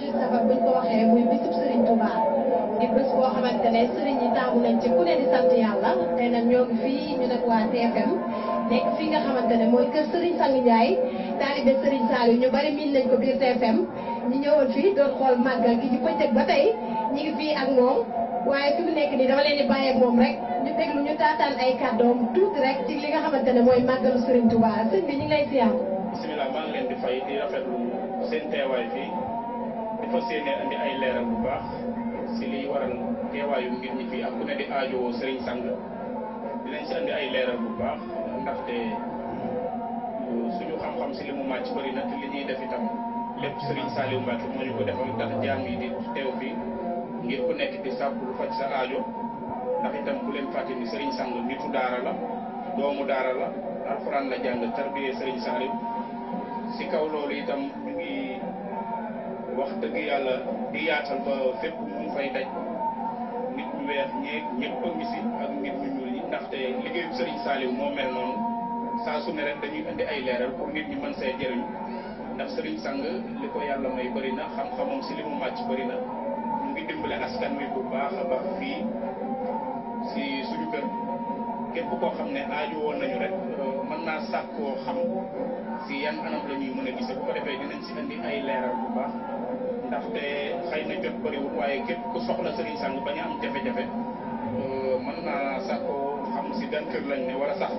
ci sabab buñ ko waxee muy bisub Sëriñ Tuubaa di bés boo xamante ne sëriñ yi taamu nañ ci ku ne di sant yàlla tey nag ñoo ngi fii ñu nekk waa TFM nekk fii nga xamante ne mooy kër sëriñ Sang Njaay taalibe sëriñ Saliou ñu bari miin nañ ko biir TFM ñu ñëwoon fii doon xool màggal gi ci bëccëg ba tey ñu ngi fii ak moom waaye fi mu nekk nii dama leen di moom rek ñu déglu ñu taataan ay kàddoom tuuti rek ci li nga xamante ne mooy màggalu sëriñ Tuubaa di fas yéene andi ay leeral bu baax si liy waral teewaayu ngir ñi fii ak ku ne di aajowoo sëriñ sang si ay leeral bu baax ndaxte suñu xam-xam si li mu màcc bëri na te li ñuy def itam lépp sëriñ Saliou Mbacke moo ñu ko defal ndax jaam yi di teew fii ngir ku nekk di sàkku lu faj sa aajo ndax itam bu leen fàtte sëriñ sang nitu daara la doomu daara la alxuraan la jàng tarbiyee sëriñ Saliou si kaw loolu itam ñu ngi wax dëgg yàlla di yaatal ba fépp mu fay daj nit ñu weex ñeeg ñëpp a ngi si ak nit ñu ñuul yi ndaxte liggéeyu Serigne Saliou moo mel noonu saa su ne rek dañuy indi ay leeral pour nit ñi mën see jëriñu ndax Serigne Sang li ko yàlla may bëri na xam-xamam si li mu màcc na mu ngi dimbale askan wi bu baax a baax fii si suñu kër képp koo xam ne aaju woon nañu rek. sàkkoo xam si yan anam la ñuy mën a gise bu ko defee dinañ si indi ay leeral bu baax ndaxte xëy na jot bëriwul waaye képp ku soxla sëriñ sang bañ a am jafe-jafe euh, mën naa sàkkoo xam si gan kër lañ ne wala sax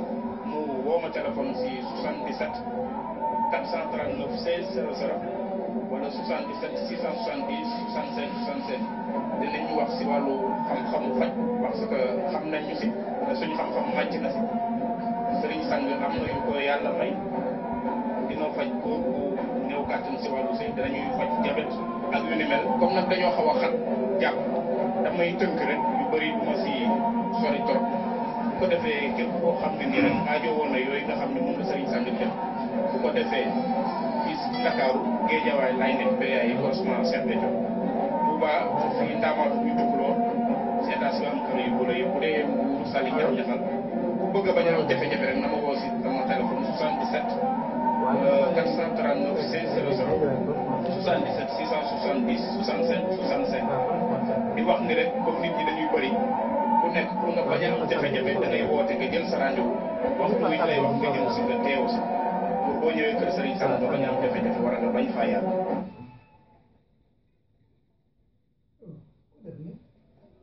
mu woo ma téléphone si 77 439 16 00 wala 77 670 65 65 dinañu wax si wàllu xam-xamu faj parce que xam nañu si suñu xam-xam màcc na si. sëriñ sang am na yu ko yàlla may dina faj ko ku néew si wàllu sëy danañuy faj jabet ak yu ni mel comme nag dañoo xaw a xat jàpp damay tënk rek yu bëri du si sori trop bu ko defee képp koo xam ne nii rek aajo woon na yooyu nga xam ne moom la sëriñ sang def bu ko defee fii si Ndakaaru Géejawaay laay nekk PA yi forcément seet na jox Touba fii Ndamatou ñu dugg lool seetaas bi am kër yu bëre yëpp bu dee Sali Diaw bëgg a bañ a jafe-jafe rek na ma woo si sama téléphone 77 439 16 00 77 670 67 67 di wax ni rek comme nit ñi dañuy bëri ku nekk pour nga bañ a am jafe-jafe da ngay woote nga jël sa rajo waxtu wi lay wax nga jëm si nga teew si pour boo ñëwee kër Serigne Sam nga bañ a am jafe-jafe war nga bañ faa yàlla